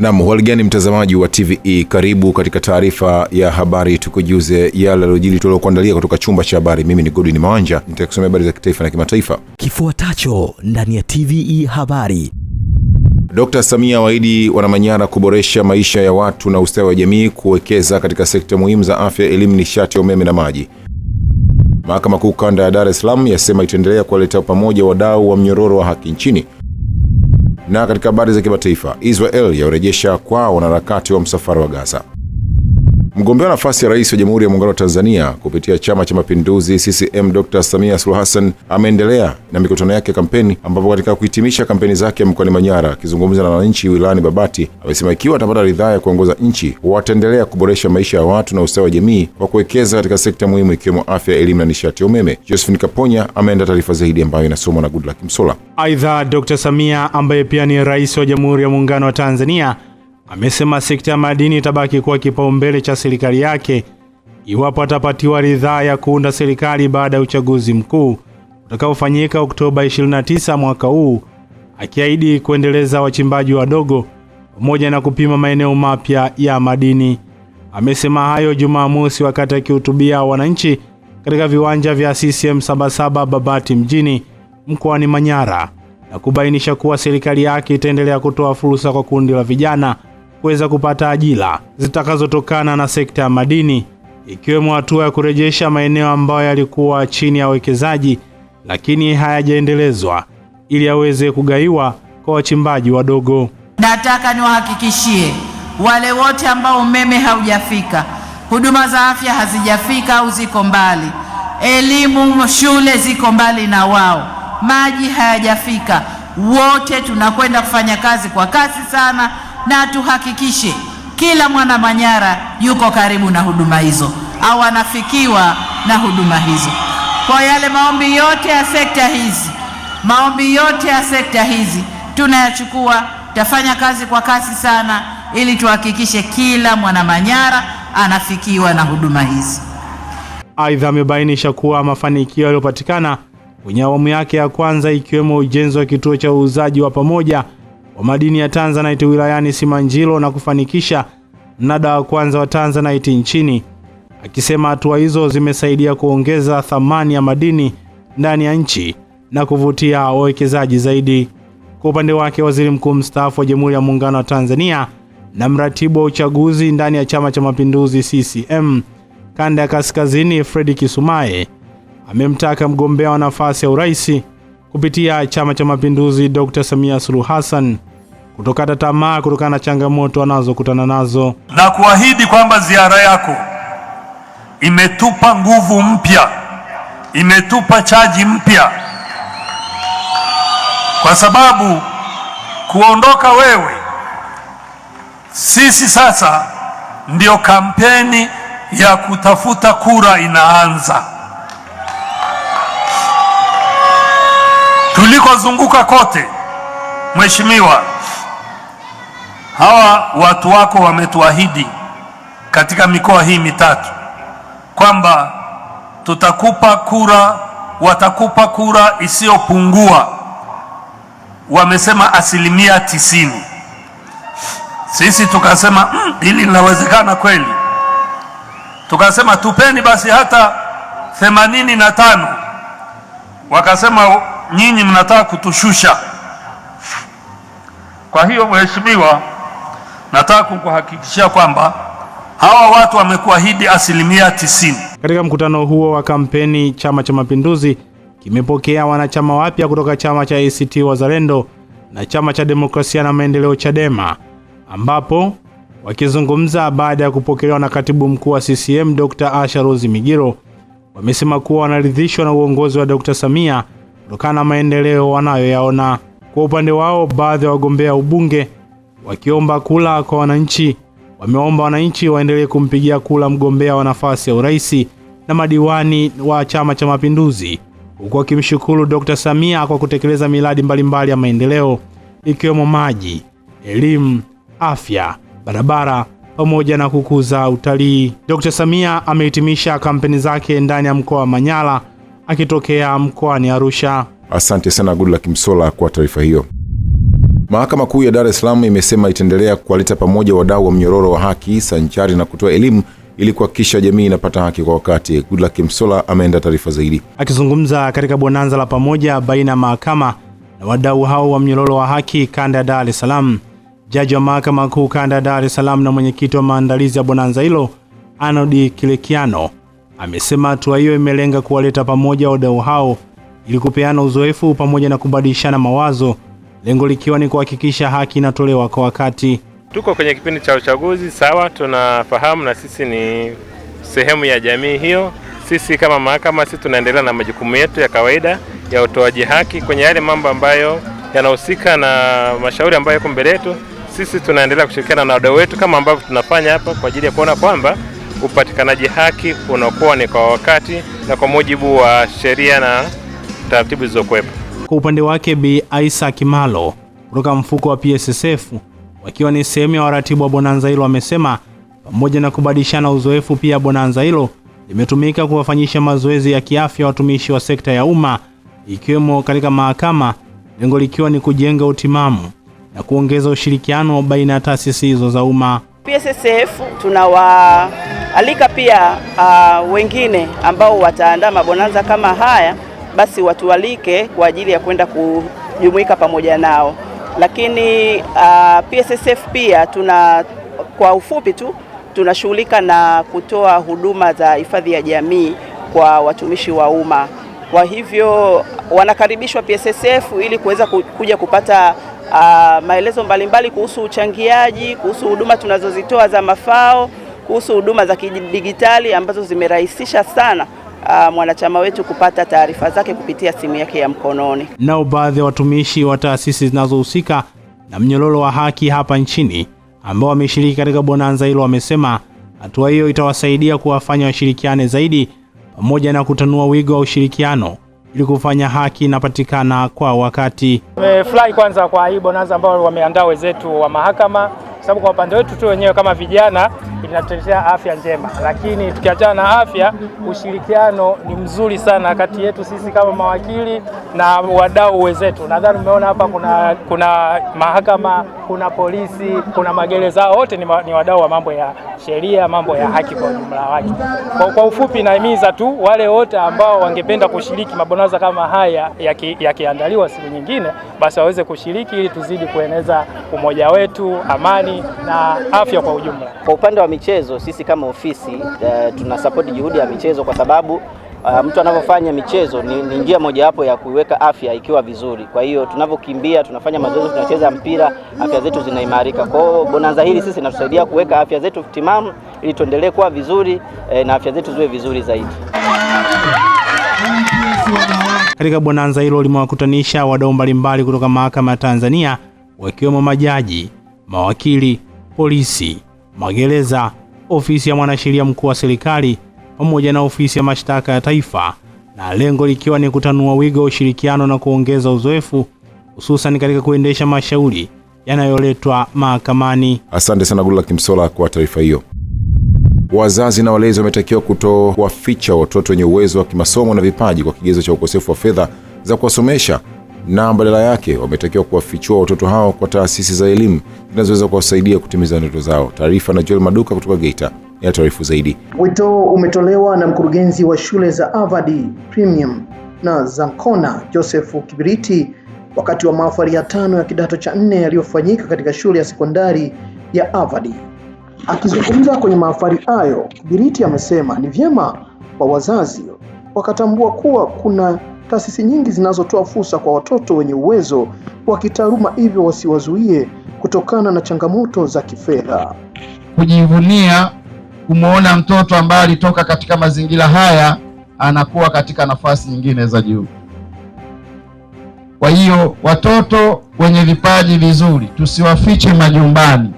Nam hali mtazamaji wa TVE, karibu katika taarifa ya habari, tukujuze yale yaliyojiri tuliokuandalia kutoka chumba cha habari. Mimi ni Godwin Mawanja, nitakusomea habari za kitaifa na kimataifa kifuatacho ndani ya TVE habari. Dkt. Samia waahidi wanamanyara kuboresha maisha ya watu na ustawi wa jamii, kuwekeza katika sekta muhimu za afya, elimu, nishati ya umeme na maji. Mahakama Kuu Kanda ya Dar es Salaam yasema itaendelea kuwaleta pamoja wadau wa mnyororo wa haki nchini na katika habari za kimataifa, Israel yarejesha kwao wanaharakati wa msafara wa Gaza. Mgombea wa nafasi ya rais wa Jamhuri ya Muungano wa Tanzania kupitia Chama cha Mapinduzi CCM Dr. Samia Suluhu Hassan ameendelea na mikutano yake ya kampeni, ambapo katika kuhitimisha kampeni zake mkoani Manyara, akizungumza na wananchi wilayani Babati, amesema ikiwa atapata ridhaa ya kuongoza nchi wataendelea kuboresha maisha ya watu na ustawi wa jamii kwa kuwekeza katika sekta muhimu ikiwemo afya, elimu na nishati ya umeme. Josephine Kaponya ameenda taarifa zaidi ambayo inasomwa na Goodluck Msola. Aidha, Dr. Samia ambaye pia ni rais wa Jamhuri ya Muungano wa Tanzania amesema sekta ya madini itabaki kuwa kipaumbele cha serikali yake iwapo atapatiwa ridhaa ya kuunda serikali baada ya uchaguzi mkuu utakaofanyika Oktoba 29 mwaka huu, akiahidi kuendeleza wachimbaji wadogo pamoja na kupima maeneo mapya ya madini. Amesema hayo Jumamosi wakati akihutubia wananchi katika viwanja vya CCM Sabasaba Babati mjini mkoani Manyara na kubainisha kuwa serikali yake itaendelea kutoa fursa kwa kundi la vijana kuweza kupata ajira zitakazotokana na sekta ya madini, ikiwemo hatua ya kurejesha maeneo ambayo yalikuwa chini ya wekezaji lakini hayajaendelezwa ili yaweze kugaiwa kwa wachimbaji wadogo. Nataka niwahakikishie wale wote ambao umeme haujafika, huduma za afya hazijafika au ziko mbali, elimu shule ziko mbali na wao, maji hayajafika, wote tunakwenda kufanya kazi kwa kasi sana na tuhakikishe kila mwana Manyara yuko karibu na huduma hizo au anafikiwa na huduma hizo. Kwa yale maombi yote ya sekta hizi, maombi yote ya sekta hizi tunayachukua, tafanya kazi kwa kasi sana, ili tuhakikishe kila mwana Manyara anafikiwa na huduma hizi. Aidha, amebainisha kuwa mafanikio yaliyopatikana kwenye awamu yake ya kwanza ikiwemo ujenzi wa kituo cha uuzaji wa pamoja wa madini ya Tanzanite wilayani simanjilo na kufanikisha mnada wa kwanza wa Tanzanite nchini, akisema hatua hizo zimesaidia kuongeza thamani ya madini ndani ya nchi na kuvutia wawekezaji zaidi. Kwa upande wake, Waziri Mkuu mstaafu wa Jamhuri ya Muungano wa Tanzania na mratibu wa uchaguzi ndani ya Chama cha Mapinduzi CCM kanda ya kaskazini Fredi kisumae amemtaka mgombea wa nafasi ya urais kupitia Chama cha Mapinduzi Dr. Samia Suluhu Hassan kutokata tamaa kutokana na changamoto anazokutana nazo, na kuahidi kwamba ziara yako imetupa nguvu mpya, imetupa chaji mpya, kwa sababu kuondoka wewe, sisi sasa ndiyo kampeni ya kutafuta kura inaanza. Tulikozunguka kote, mheshimiwa hawa watu wako wametuahidi katika mikoa hii mitatu kwamba tutakupa kura, watakupa kura isiyopungua, wamesema asilimia tisini. Sisi tukasema mm, linawezekana kweli. Tukasema tupeni basi hata themanini na tano. Wakasema nyinyi mnataka kutushusha. Kwa hiyo mheshimiwa Nataka kukuhakikishia kwamba hawa watu wamekuahidi asilimia tisini. Katika mkutano huo wa kampeni, Chama cha Mapinduzi kimepokea wanachama wapya kutoka chama cha ACT Wazalendo na chama cha Demokrasia na Maendeleo Chadema, ambapo wakizungumza baada ya kupokelewa na katibu mkuu wa CCM Dr. Asha Rose Migiro, wamesema kuwa wanaridhishwa na uongozi wa Dr. Samia kutokana na maendeleo wanayoyaona. Kwa upande wao, baadhi ya wagombea ubunge wakiomba kula kwa wananchi. Wameomba wananchi waendelee kumpigia kula mgombea wa nafasi ya uraisi na madiwani wa Chama cha Mapinduzi, huku wakimshukuru Dr. Samia kwa kutekeleza miradi mbalimbali ya maendeleo ikiwemo maji, elimu, afya, barabara pamoja na kukuza utalii. Dr. Samia amehitimisha kampeni zake ndani ya mkoa wa manyala akitokea mkoani Arusha. Asante sana Goodluck kimsola kwa taarifa hiyo. Mahakama Kuu ya Dar es Salaam imesema itaendelea kuwaleta pamoja wadau wa mnyororo wa haki sanchari na kutoa elimu ili kuhakikisha jamii inapata haki kwa wakati. Goodluck Msola ameenda taarifa zaidi. Akizungumza katika bonanza la pamoja baina ya mahakama na wadau hao wa mnyororo wa haki kanda ya Dar es Salaam, jaji wa mahakama kuu kanda ya Dar es Salaam na mwenyekiti wa maandalizi ya bonanza hilo Arnold Kilekiano amesema hatua hiyo imelenga kuwaleta pamoja wadau hao ili kupeana uzoefu pamoja na kubadilishana mawazo lengo likiwa ni kuhakikisha haki inatolewa kwa wakati. Tuko kwenye kipindi cha uchaguzi, sawa, tunafahamu na sisi ni sehemu ya jamii hiyo. Sisi kama mahakama, sisi tunaendelea na majukumu yetu ya kawaida ya utoaji haki kwenye yale mambo ambayo yanahusika na mashauri ambayo yako mbele yetu. Sisi tunaendelea kushirikiana na wadau wetu kama ambavyo tunafanya hapa kwa ajili ya kuona kwamba upatikanaji haki unakuwa ni kwa wakati na kwa mujibu wa sheria na taratibu zilizokuwepo. Kwa upande wake, Bi Isa Kimalo kutoka mfuko wa PSSF wakiwa ni sehemu ya waratibu wa bonanza hilo wamesema pamoja na kubadilishana uzoefu, pia bonanza hilo limetumika kuwafanyisha mazoezi ya kiafya watumishi wa sekta ya umma ikiwemo katika mahakama, lengo likiwa ni kujenga utimamu na kuongeza ushirikiano baina ya taasisi hizo za umma. PSSF tunawaalika pia uh, wengine ambao wataandaa mabonanza kama haya basi watualike kwa ajili ya kwenda kujumuika pamoja nao. Lakini uh, ah, PSSF pia tuna kwa ufupi tu tunashughulika na kutoa huduma za hifadhi ya jamii kwa watumishi wa umma. Kwa hivyo wanakaribishwa PSSF ili kuweza kuja kupata uh, maelezo mbalimbali kuhusu uchangiaji, kuhusu huduma tunazozitoa za mafao, kuhusu huduma za kidijitali ambazo zimerahisisha sana uh, mwanachama wetu kupata taarifa zake kupitia simu yake ya mkononi. Nao baadhi ya watumishi wa taasisi zinazohusika na, mnyololo mnyororo wa haki hapa nchini ambao wameshiriki katika bonanza hilo wamesema hatua hiyo itawasaidia kuwafanya washirikiane zaidi pamoja na kutanua wigo wa ushirikiano ili kufanya haki inapatikana kwa wakati. Tumefurahi kwanza kwa hii bonanza ambayo wameandaa wenzetu wa mahakama kwa sababu kwa upande wetu tu wenyewe kama vijana inatuletea afya njema, lakini tukiachana na afya, ushirikiano ni mzuri sana kati yetu sisi kama mawakili na wadau wenzetu. Nadhani umeona hapa kuna, kuna mahakama kuna polisi, kuna magereza, wote ni, ma, ni wadau wa mambo ya sheria, mambo ya haki kwa ujumla wake. Kwa, kwa ufupi, nahimiza tu wale wote ambao wangependa kushiriki mabonanza kama haya yakiandaliwa ki, ya siku nyingine, basi waweze kushiriki ili tuzidi kueneza umoja wetu, amani na afya kwa ujumla. Kwa upande wa michezo, sisi kama ofisi uh, tuna support juhudi ya michezo kwa sababu Uh, mtu anavyofanya michezo ni, ni njia mojawapo ya kuiweka afya ikiwa vizuri. Kwa hiyo tunavyokimbia, tunafanya mazoezi, tunacheza mpira, afya zetu zinaimarika. Kwa hiyo bonanza hili sisi inatusaidia kuweka afya zetu timamu ili tuendelee kuwa vizuri eh, na afya zetu ziwe vizuri zaidi. Katika bonanza hilo limewakutanisha wadau mbalimbali kutoka mahakama ya Tanzania wakiwemo majaji, mawakili, polisi, magereza, ofisi ya mwanasheria mkuu wa serikali pamoja na ofisi ya mashtaka ya taifa, na lengo likiwa ni kutanua wigo wa ushirikiano na kuongeza uzoefu hususan katika kuendesha mashauri yanayoletwa mahakamani. Asante sana Gula Kimsola kwa taarifa hiyo. Wazazi na walezi wametakiwa kutowaficha watoto wenye uwezo wa kimasomo na vipaji kwa kigezo cha ukosefu wa fedha za kuwasomesha na badala yake wametakiwa kuwafichua watoto hao kwa taasisi za elimu zinazoweza kuwasaidia kutimiza ndoto zao. Taarifa na Joel Maduka kutoka Geita ya taarifu zaidi. Wito umetolewa na mkurugenzi wa shule za Avadi Premium na Zankona Josefu Kibiriti wakati wa mahafali ya tano ya kidato cha nne yaliyofanyika katika shule ya sekondari ya Avadi. Akizungumza kwenye mahafali hayo, Kibiriti amesema ni vyema kwa wazazi wakatambua kuwa kuna taasisi nyingi zinazotoa fursa kwa watoto wenye uwezo wa kitaaluma, hivyo wasiwazuie kutokana na changamoto za kifedha. Kujivunia kumwona mtoto ambaye alitoka katika mazingira haya anakuwa katika nafasi nyingine za juu. Kwa hiyo watoto wenye vipaji vizuri tusiwafiche majumbani,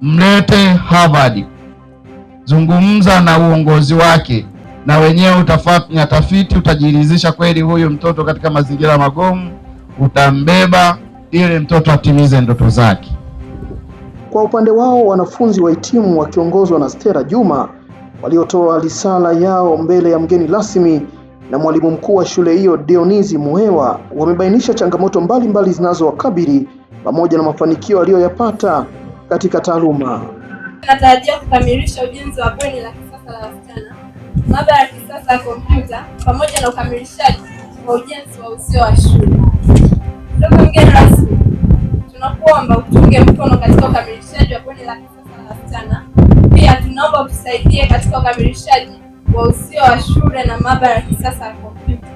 mlete Harvard, zungumza na uongozi wake, na wenyewe utafanya tafiti, utajiridhisha kweli huyu mtoto katika mazingira magumu, utambeba ili mtoto atimize ndoto zake. Kwa upande wao wanafunzi wa itimu wakiongozwa na Stella Juma waliotoa risala yao mbele ya mgeni rasmi na mwalimu mkuu wa shule hiyo Dionisi Muhewa wamebainisha changamoto mbalimbali zinazowakabili pamoja na mafanikio aliyoyapata katika taaluma. Natarajia kukamilisha ujenzi wa bweni la kisasa la maabara ya kisasa ya kompyuta pamoja na ukamilishaji wa ujenzi wa uzio wa shule. Ndugu mgeni rasmi, tunakuomba utunge mkono katika ukamilishaji wa bweni la kisasa la wasichana. Pia tunaomba utusaidie katika ukamilishaji wa uzio wa shule na maabara ya kisasa ya kompyuta.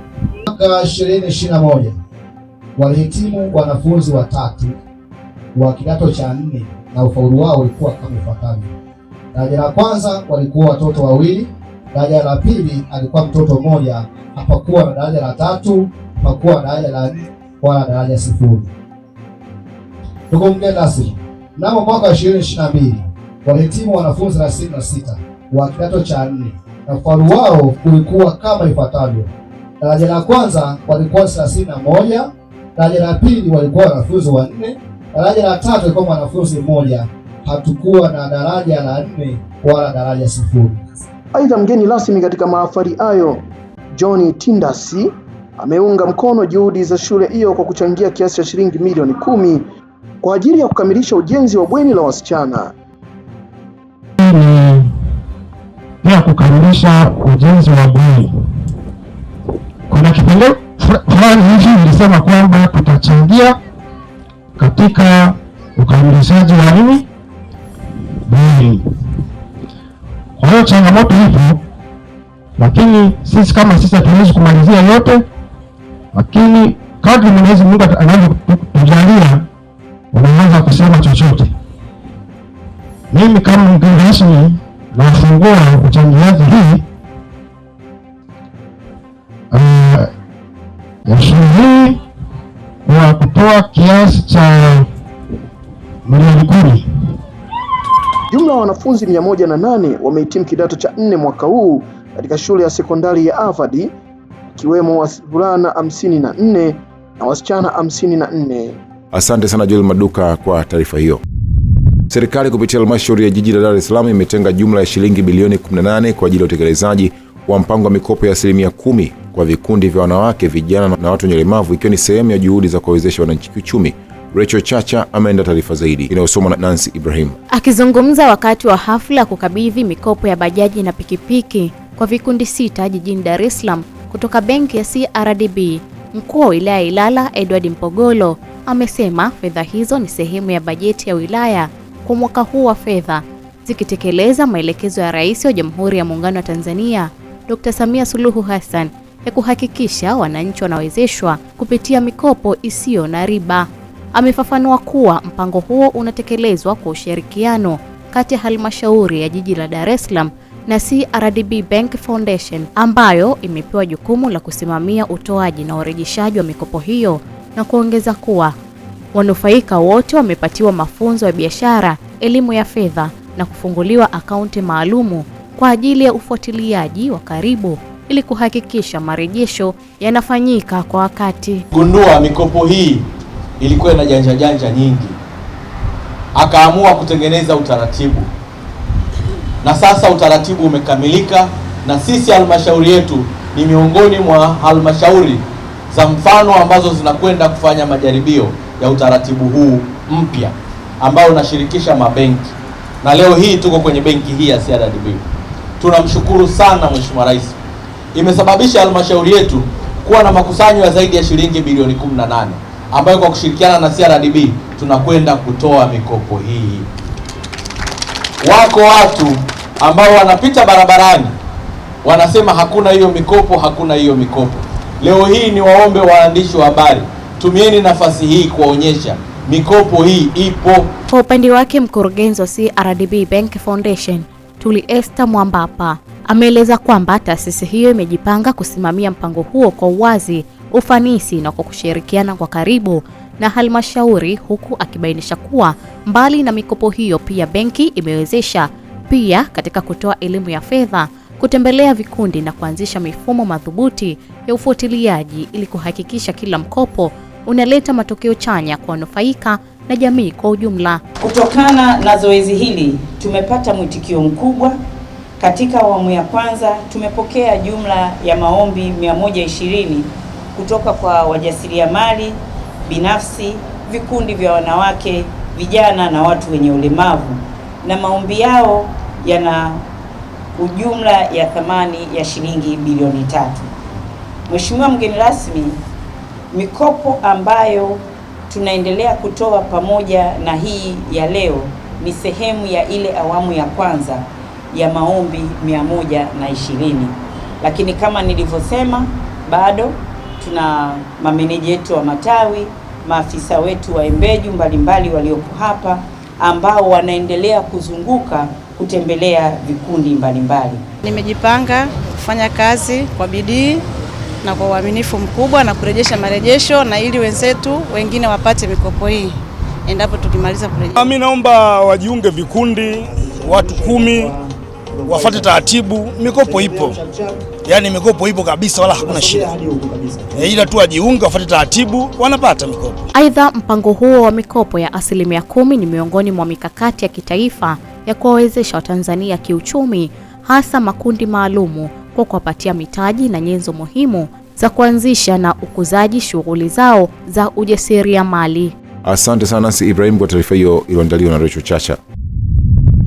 Mwaka 2021 walihitimu wanafunzi watatu wa kidato cha nne na ufaulu wao ulikuwa kama ifuatavyo. Daraja la kwanza walikuwa watoto wawili daraja la pili alikuwa mtoto mmoja, hapakuwa na daraja la tatu, hapakuwa na daraja la nne wala daraja sifuri. Ndugu mgeni rasmi, mnamo mwaka 2022 walihitimu wanafunzi 36 wa kidato cha nne na ufaulu wao ulikuwa kama ifuatavyo: daraja la kwanza walikuwa na moja, daraja la pili walikuwa wanafunzi wanne, daraja la tatu walikuwa mwanafunzi mmoja. Hatukuwa na daraja la nne wala daraja sifuri. Aidha, mgeni rasmi katika mahafali hayo John Tindasi ameunga mkono juhudi za shule hiyo kwa kuchangia kiasi cha shilingi milioni kumi kwa ajili ya kukamilisha ujenzi wa bweni la wasichana. Pia kukamilisha ujenzi wa bweni, kuna kipengele fulani hivi nilisema kwamba tutachangia katika ukamilishaji wa nini bweni kwa hiyo changamoto ipo, lakini sisi kama sisi hatuwezi kumalizia yote, lakini kadri Mwenyezi Mungu anavyotujalia, unaanza kusema chochote. Mimi kama wanafunzi na nane wamehitimu kidato cha nne mwaka huu katika shule ya sekondari ya Avadi ikiwemo wavulana 54 na nne na wasichana 54 na nne. Asante sana Joel Maduka kwa taarifa hiyo. Serikali kupitia halmashauri ya jiji la Dar es Salaam imetenga jumla ya shilingi bilioni 18 kwa ajili ya utekelezaji wa mpango wa mikopo ya asilimia kumi kwa vikundi vya wanawake, vijana na watu wenye ulemavu ikiwa ni sehemu ya juhudi za kuwawezesha wananchi kiuchumi. Rachel Chacha ameenda taarifa zaidi inayosomwa na Nancy Ibrahim. Akizungumza wakati wa hafla ya kukabidhi mikopo ya bajaji na pikipiki kwa vikundi sita jijini Dar es Salaam kutoka benki ya CRDB, mkuu wa wilaya Ilala Edward Mpogolo amesema fedha hizo ni sehemu ya bajeti ya wilaya kwa mwaka huu wa fedha zikitekeleza maelekezo ya Rais wa Jamhuri ya Muungano wa Tanzania Dr. Samia Suluhu Hassan ya kuhakikisha wananchi wanawezeshwa kupitia mikopo isiyo na riba. Amefafanua kuwa mpango huo unatekelezwa kwa ushirikiano kati ya halmashauri ya jiji la Dar es Salaam na CRDB Bank Foundation ambayo imepewa jukumu la kusimamia utoaji na urejeshaji wa mikopo hiyo, na kuongeza kuwa wanufaika wote wamepatiwa mafunzo ya biashara, elimu ya fedha na kufunguliwa akaunti maalumu kwa ajili ya ufuatiliaji wa karibu ili kuhakikisha marejesho yanafanyika kwa wakati. Gundua mikopo hii ilikuwa ina janja janja nyingi, akaamua kutengeneza utaratibu na sasa utaratibu umekamilika, na sisi halmashauri yetu ni miongoni mwa halmashauri za mfano ambazo zinakwenda kufanya majaribio ya utaratibu huu mpya ambao unashirikisha mabenki, na leo hii tuko kwenye benki hii ya CRDB. Tunamshukuru sana Mheshimiwa Rais, imesababisha halmashauri yetu kuwa na makusanyo ya zaidi ya shilingi bilioni 18 ambayo kwa kushirikiana na CRDB tunakwenda kutoa mikopo hii. Wako watu ambao wanapita barabarani wanasema hakuna hiyo mikopo, hakuna hiyo mikopo. Leo hii ni waombe waandishi wa habari, tumieni nafasi hii kuwaonyesha mikopo hii ipo. Kwa upande wake mkurugenzi wa CRDB Bank Foundation Tuli Esther Mwambapa ameeleza kwamba taasisi hiyo imejipanga kusimamia mpango huo kwa uwazi ufanisi na kwa kushirikiana kwa karibu na halmashauri, huku akibainisha kuwa mbali na mikopo hiyo pia benki imewezesha pia katika kutoa elimu ya fedha, kutembelea vikundi na kuanzisha mifumo madhubuti ya ufuatiliaji ili kuhakikisha kila mkopo unaleta matokeo chanya kwa wanufaika na jamii kwa ujumla. Kutokana na zoezi hili tumepata mwitikio mkubwa. Katika awamu ya kwanza tumepokea jumla ya maombi 120 kutoka kwa wajasiriamali binafsi, vikundi vya wanawake, vijana na watu wenye ulemavu, na maombi yao yana ujumla ya thamani ya shilingi bilioni tatu. Mheshimiwa mgeni rasmi, mikopo ambayo tunaendelea kutoa pamoja na hii ya leo ni sehemu ya ile awamu ya kwanza ya maombi mia moja na ishirini, lakini kama nilivyosema bado tuna mameneja wetu wa matawi, maafisa wetu wa embeju mbalimbali walioko hapa ambao wanaendelea kuzunguka kutembelea vikundi mbalimbali. Nimejipanga kufanya kazi kwa bidii na kwa uaminifu mkubwa na kurejesha marejesho na ili wenzetu wengine wapate mikopo hii endapo tukimaliza kurejesha. Mimi naomba wajiunge vikundi watu kumi wafuate taratibu. Mikopo ipo, yaani mikopo ipo kabisa, wala hakuna shida, eh, ila tu wajiunge, wafuate taratibu, wanapata mikopo. Aidha, mpango huo wa mikopo ya asilimia kumi ni miongoni mwa mikakati ya kitaifa ya kuwawezesha Watanzania kiuchumi, hasa makundi maalumu kwa kuwapatia mitaji na nyenzo muhimu za kuanzisha na ukuzaji shughuli zao za ujasiriamali. Asante sana, si Ibrahim, kwa taarifa hiyo iliyoandaliwa na Recho Chacha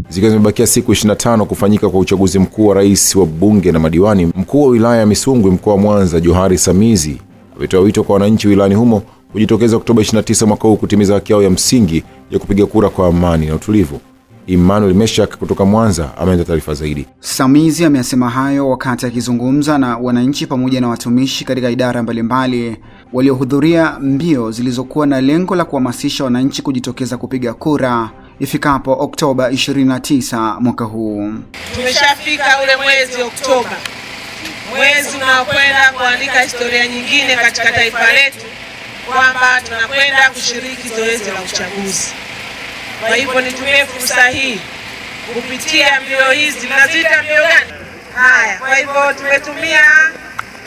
zikiwa zimebakia siku 25 kufanyika kwa uchaguzi mkuu wa rais wa bunge na madiwani, mkuu wa wilaya ya Misungwi mkoa wa Mwanza Johari Samizi ametoa wito kwa wananchi wilayani humo kujitokeza Oktoba 29 mwaka huu kutimiza haki yao ya msingi ya kupiga kura kwa amani na utulivu. Emmanuel Meshak kutoka Mwanza ameenda taarifa zaidi. Samizi ameyasema hayo wakati akizungumza na wananchi pamoja na watumishi katika idara mbalimbali waliohudhuria mbio zilizokuwa na lengo la kuhamasisha wananchi kujitokeza kupiga kura ifikapo Oktoba 29 mwaka huu. Tumeshafika ule mwezi Oktoba, mwezi unaokwenda kuandika historia nyingine katika taifa letu, kwamba tunakwenda kushiriki zoezi la uchaguzi. Kwa hivyo nitumie fursa hii kupitia mbio hizi, mnaziita mbio gani? Haya, kwa hivyo tumetumia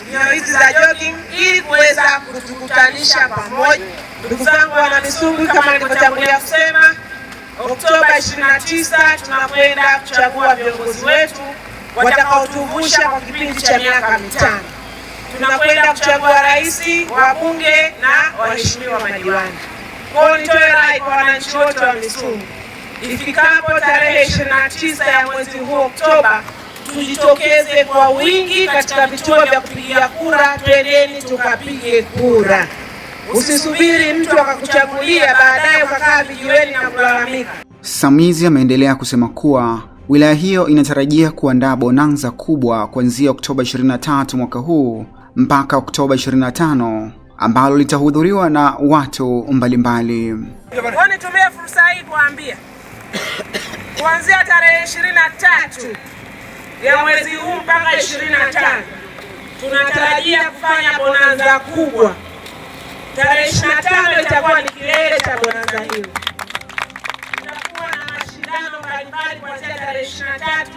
mbio hizi za jogging ili kuweza kutukutanisha pamoja. Ndugu zangu wana Misungwi, kama nilivyotangulia kusema Oktoba 29 tunakwenda kuchagua viongozi wetu watakaotuvusha kwa kipindi cha miaka mitano. Tunakwenda kuchagua rais, wabunge na waheshimiwa madiwani. Kwa nitoe rai kwa wananchi wote wa Misungwi, ifikapo tarehe 29 ya mwezi huu Oktoba, tujitokeze kwa wingi katika vituo vya kupigia kura. Twendeni tukapige kura. Usisubiri mtu akakuchagulia baadaye ukakaa vijiweni na kulalamika. Samizi ameendelea kusema kuwa wilaya hiyo inatarajia kuandaa bonanza kubwa kuanzia Oktoba 23 mwaka huu mpaka Oktoba 25 ambalo litahudhuriwa na watu mbalimbali. Nitumie fursa hii kuambia kuanzia tarehe 23 ya mwezi huu mpaka 25 tunatarajia kufanya bonanza kubwa. Tarehe ishirini na itakuwa ni kilele cha bonanza hiyo. Tutakuwa na mashindano mbalimbali kuanzia tarehe ishirini tatu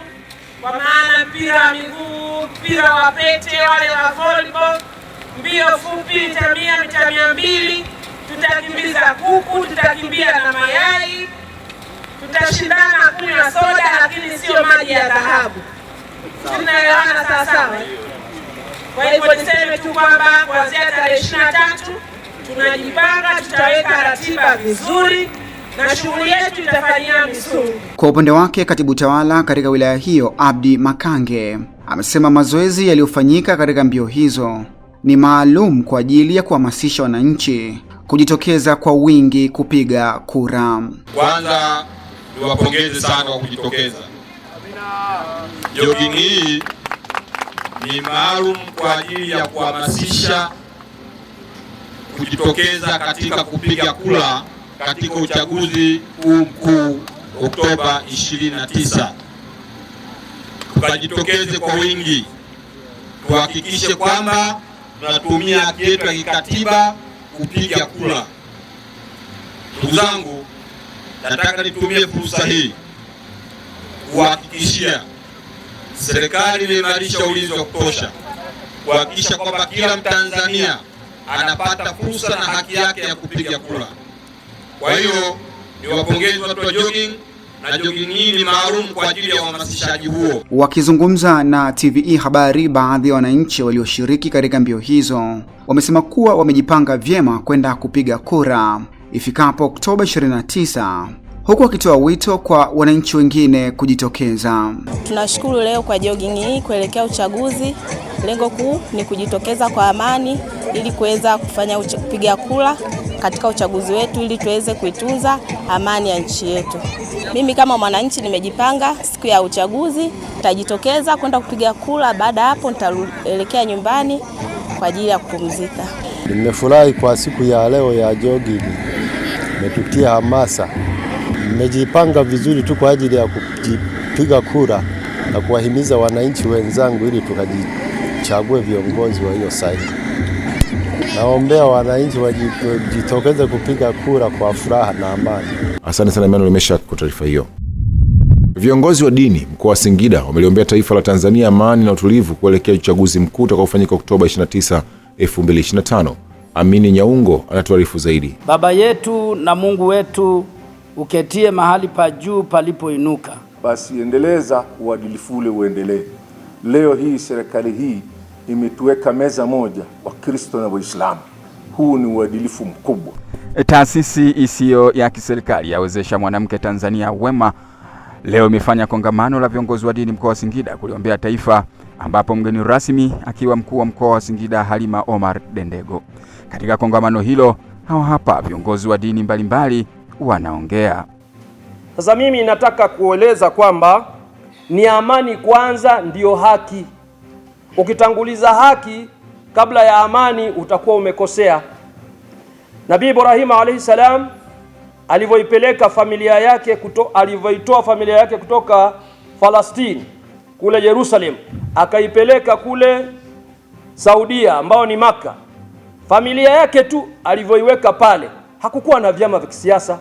kwa maana mpira wa miguu, mpira wa pete, wale wa volleyball, mbio fupi mita mia, mita mia mbili. Tutakimbiza kuku, tutakimbia na mayai, tutashindana kunywa soda, lakini sio maji ya dhahabu. Tunaelewana sawasawa? Kwa hivyo niseme tu kwamba kuanzia tarehe ishirini tatu tunajipanga, tutaweka ratiba vizuri na shughuli yetu itafanyia Misungwi. Kwa upande wake, katibu tawala katika wilaya hiyo Abdi Makange amesema mazoezi yaliyofanyika katika mbio hizo ni maalum kwa ajili ya kuhamasisha wananchi kujitokeza kwa wingi kupiga kura. Kwanza niwapongeze sana kwa kujitokeza. Jogging hii ni maalum kwa ajili ya kuhamasisha kujitokeza katika kupiga kura katika uchaguzi huu mkuu Oktoba 29. Tukajitokeze kwa wingi, tuhakikishe kwamba tunatumia haki yetu ya kikatiba kupiga kura. Ndugu zangu, nataka nitumie fursa hii kuhakikishia serikali imeimarisha ulinzi wa kutosha kuhakikisha kwamba kila Mtanzania anapata fursa na haki yake ya kupiga kura. Kwa hiyo ni wapongezi watu wa jogging na jogging hii ni maalum kwa ajili ya uhamasishaji huo. Wakizungumza na TVE Habari, baadhi ya wananchi walioshiriki katika mbio hizo wamesema kuwa wamejipanga vyema kwenda kupiga kura ifikapo Oktoba 29 huku wakitoa wito kwa wananchi wengine kujitokeza. Tunashukuru leo kwa jogging hii kuelekea uchaguzi. Lengo kuu ni kujitokeza kwa amani ili kuweza kufanya kupiga kura katika uchaguzi wetu ili tuweze kuitunza amani ya nchi yetu. Mimi kama mwananchi nimejipanga, siku ya uchaguzi nitajitokeza kwenda kupiga kura, baada ya hapo nitaelekea nyumbani kwa ajili ya kupumzika. Nimefurahi kwa siku ya leo ya jogging, imetutia hamasa. Nimejipanga vizuri tu kwa ajili ya kupiga kura na kuwahimiza wananchi wenzangu ili tukajichague viongozi walio sahihi. Naombea wananchi wajitokeze kupiga kura kwa furaha na amani. Asante sana Emmanuel Mesha kwa taarifa hiyo. Viongozi wa dini mkoa wa Singida wameliombea taifa la Tanzania amani na utulivu kuelekea uchaguzi mkuu utakaofanyika Oktoba 29, 2025. Amini Nyaungo anatuarifu zaidi. Baba yetu na Mungu wetu uketie mahali pa juu palipoinuka, basi endeleza uadilifu ule uendelee. Leo hii serikali hii imetuweka meza moja Wakristo na Waislamu. Huu ni uadilifu mkubwa. Taasisi isiyo ya kiserikali yawezesha mwanamke Tanzania Wema leo imefanya kongamano la viongozi wa dini mkoa wa Singida kuliombea taifa, ambapo mgeni rasmi akiwa mkuu wa mkoa wa Singida Halima Omar Dendego. Katika kongamano hilo, hao hapa viongozi wa dini mbalimbali wanaongea. Sasa mimi nataka kueleza kwamba ni amani kwanza ndiyo haki Ukitanguliza haki kabla ya amani utakuwa umekosea. Nabii Ibrahim alayhi salam alivyoipeleka familia yake kuto, alivyoitoa familia yake kutoka Falastini kule Jerusalem akaipeleka kule Saudia ambao ni Maka. Familia yake tu alivyoiweka pale, hakukuwa na vyama vya kisiasa,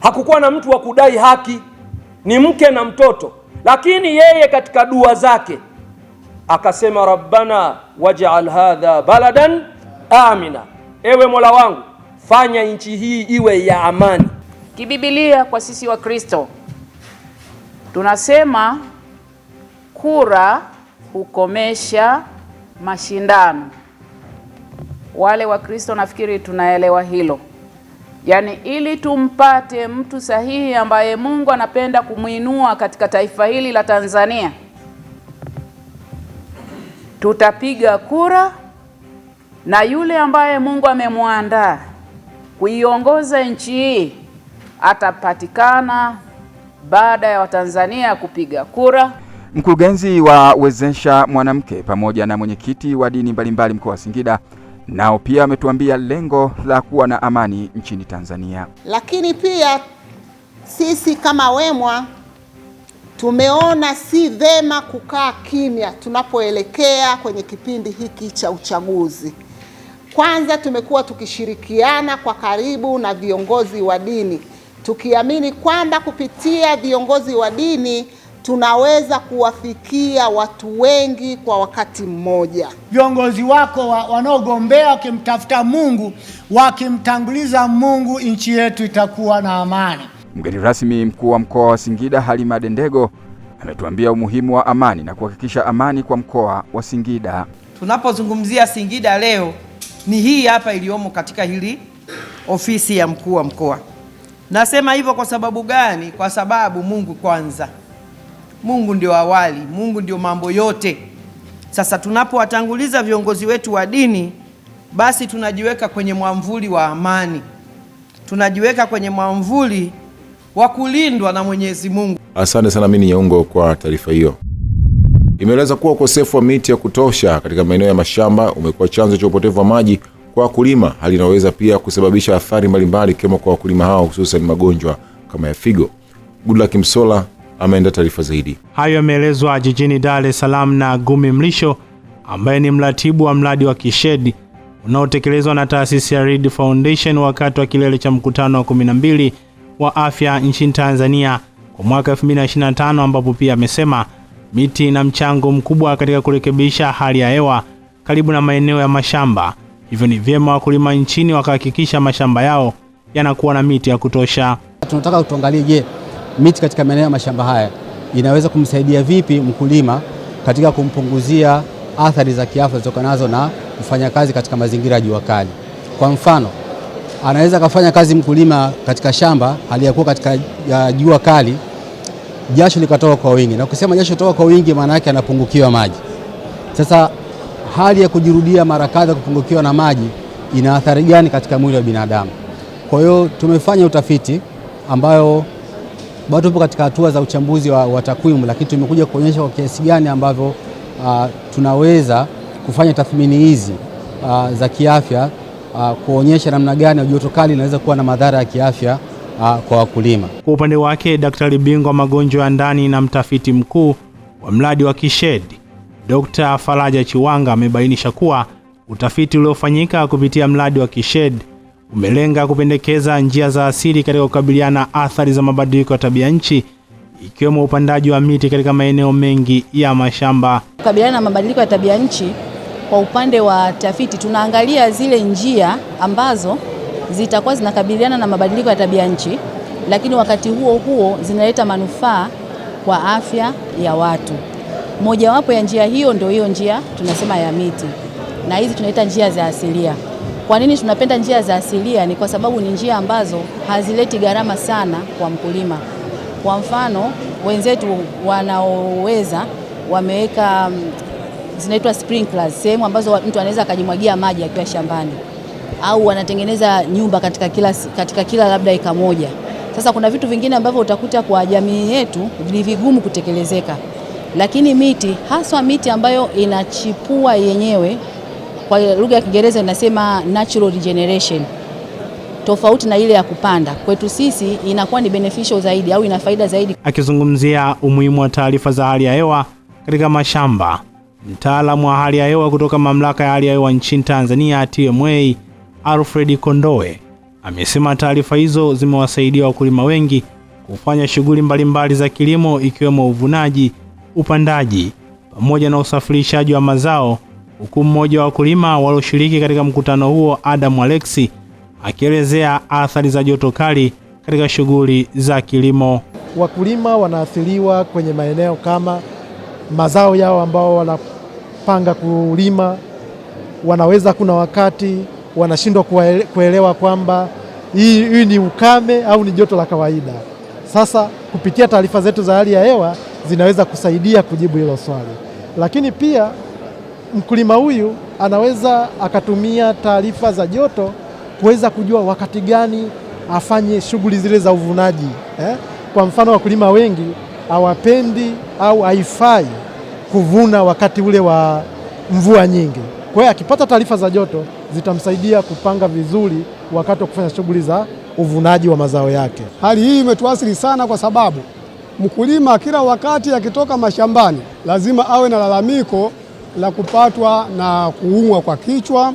hakukuwa na mtu wa kudai haki, ni mke na mtoto. Lakini yeye katika dua zake akasema rabbana waj'al hadha baladan amina, ewe Mola wangu fanya nchi hii iwe ya amani. Kibibilia kwa sisi wa kristo tunasema kura hukomesha mashindano. Wale wa kristo nafikiri tunaelewa hilo, yaani ili tumpate mtu sahihi ambaye Mungu anapenda kumwinua katika taifa hili la Tanzania tutapiga kura na yule ambaye Mungu amemwandaa kuiongoza nchi hii atapatikana baada ya Watanzania kupiga kura. Mkurugenzi wa Wezesha Mwanamke pamoja na mwenyekiti wa dini mbalimbali mkoa wa Singida nao pia ametuambia lengo la kuwa na amani nchini Tanzania. Lakini pia sisi kama WEMWA tumeona si vema kukaa kimya tunapoelekea kwenye kipindi hiki cha uchaguzi. Kwanza tumekuwa tukishirikiana kwa karibu na viongozi wa dini, tukiamini kwamba kupitia viongozi wa dini tunaweza kuwafikia watu wengi kwa wakati mmoja. Viongozi wako wa, wanaogombea wakimtafuta Mungu, wakimtanguliza Mungu, nchi yetu itakuwa na amani. Mgeni rasmi mkuu wa mkoa wa Singida Halima Dendego ametuambia umuhimu wa amani na kuhakikisha amani kwa mkoa wa Singida. Tunapozungumzia Singida leo ni hii hapa iliyomo katika hili ofisi ya mkuu wa mkoa. Nasema hivyo kwa sababu gani? Kwa sababu Mungu kwanza, Mungu ndio awali, Mungu ndio mambo yote. Sasa tunapowatanguliza viongozi wetu wa dini, basi tunajiweka kwenye mwamvuli wa amani, tunajiweka kwenye mwamvuli wa kulindwa na Mwenyezi Mungu. Asante sana Amini Nyaungo kwa taarifa hiyo. Imeeleza kuwa ukosefu wa miti ya kutosha katika maeneo ya mashamba umekuwa chanzo cha upotevu wa maji kwa wakulima, hali inayoweza pia kusababisha athari mbalimbali ikiwemo kwa wakulima hao, hususan magonjwa kama ya figo. Goodluck Msola ameenda taarifa zaidi. Hayo yameelezwa jijini Dar es Salaam na Gumi Mlisho ambaye ni mratibu wa mradi wa Kishedi unaotekelezwa na taasisi ya Reed Foundation wakati wa kilele cha mkutano wa wa afya nchini Tanzania kwa mwaka 2025 ambapo pia amesema miti ina mchango mkubwa katika kurekebisha hali ya hewa karibu na maeneo ya mashamba, hivyo ni vyema wakulima nchini wakahakikisha mashamba yao yanakuwa na miti ya kutosha. Tunataka tuangalie, je, miti katika maeneo ya mashamba haya inaweza kumsaidia vipi mkulima katika kumpunguzia athari za kiafya zitokanazo na kufanya kazi katika mazingira ya jua kali. Kwa mfano anaweza kafanya kazi mkulima katika shamba aliyakuwa katika jua kali, jasho likatoka kwa wingi, na ukisema jasho toka kwa wingi, maana yake anapungukiwa maji. Sasa hali ya kujirudia mara kadha kupungukiwa na maji ina athari gani katika mwili wa binadamu? Kwa hiyo tumefanya utafiti ambayo bado tupo katika hatua za uchambuzi wa, wa takwimu, lakini tumekuja kuonyesha kwa kiasi gani ambavyo uh, tunaweza kufanya tathmini hizi uh, za kiafya uh, kuonyesha namna gani joto kali inaweza kuwa na madhara ya kiafya uh, kwa wakulima. Kwa upande wake, daktari bingwa magonjwa ya ndani na mtafiti mkuu wa mradi wa Kishedi Dkt. Faraja Chiwanga amebainisha kuwa utafiti uliofanyika kupitia mradi wa Kishedi umelenga kupendekeza njia za asili katika kukabiliana na athari za mabadiliko ya tabia nchi ikiwemo upandaji wa miti katika maeneo mengi ya mashamba. Kukabiliana na mabadiliko ya tabia nchi kwa upande wa tafiti, tunaangalia zile njia ambazo zitakuwa zinakabiliana na mabadiliko ya tabia nchi, lakini wakati huo huo zinaleta manufaa kwa afya ya watu. Mojawapo ya njia hiyo ndio hiyo njia tunasema ya miti, na hizi tunaita njia za asilia. Kwa nini tunapenda njia za asilia? Ni kwa sababu ni njia ambazo hazileti gharama sana kwa mkulima. Kwa mfano wenzetu wanaoweza wameweka zinaitwa sprinklers, sehemu ambazo mtu anaweza akajimwagia maji akiwa shambani, au wanatengeneza nyumba katika kila, katika kila labda eka moja. Sasa kuna vitu vingine ambavyo utakuta kwa jamii yetu ni vigumu kutekelezeka, lakini miti haswa miti ambayo inachipua yenyewe, kwa lugha ya Kiingereza inasema natural regeneration, tofauti na ile ya kupanda, kwetu sisi inakuwa ni beneficial zaidi au ina faida zaidi. Akizungumzia umuhimu wa taarifa za hali ya hewa katika mashamba Mtaalamu wa hali ya hewa kutoka mamlaka ya hali ya hewa nchini Tanzania TMA, Alfred Kondoe amesema taarifa hizo zimewasaidia wakulima wengi kufanya shughuli mbalimbali za kilimo ikiwemo uvunaji, upandaji pamoja na usafirishaji wa mazao, huku mmoja wa wakulima walioshiriki katika mkutano huo Adam Alexi akielezea athari za joto kali katika shughuli za kilimo. Wakulima wanaathiriwa kwenye maeneo kama mazao yao ambao wanapanga kulima, wanaweza kuna wakati wanashindwa kuelewa kwamba hii, hii ni ukame au ni joto la kawaida. Sasa kupitia taarifa zetu za hali ya hewa zinaweza kusaidia kujibu hilo swali, lakini pia mkulima huyu anaweza akatumia taarifa za joto kuweza kujua wakati gani afanye shughuli zile za uvunaji eh? Kwa mfano wakulima wengi hawapendi au haifai kuvuna wakati ule wa mvua nyingi. Kwa hiyo akipata taarifa za joto zitamsaidia kupanga vizuri wakati wa kufanya shughuli za uvunaji wa mazao yake. Hali hii imetuathiri sana kwa sababu mkulima kila wakati akitoka mashambani lazima awe na lalamiko la kupatwa na kuumwa kwa kichwa,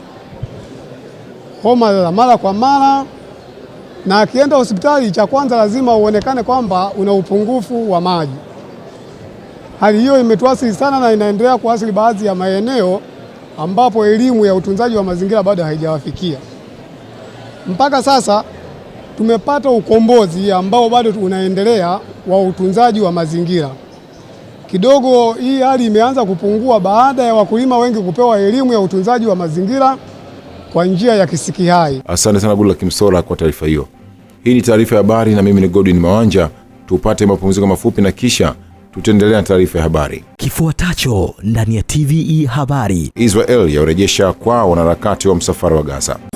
homa za mara kwa mara na akienda hospitali, cha kwanza lazima uonekane kwamba una upungufu wa maji. Hali hiyo imetuathiri sana na inaendelea kuathiri baadhi ya maeneo ambapo elimu ya utunzaji wa mazingira bado haijawafikia. Mpaka sasa tumepata ukombozi ambao bado unaendelea wa utunzaji wa mazingira. Kidogo hii hali imeanza kupungua baada ya wakulima wengi kupewa elimu ya utunzaji wa mazingira kwa njia ya kisiki hai. Asante sana Goodluck Kimsola kwa taarifa hiyo. Hii ni taarifa ya habari na mimi ni Godwin Mawanja. Tupate mapumziko mafupi na kisha tutaendelea na taarifa ya habari. Kifuatacho ndani ya TVE habari. Israel yarejesha kwao wanaharakati wa msafara wa Gaza.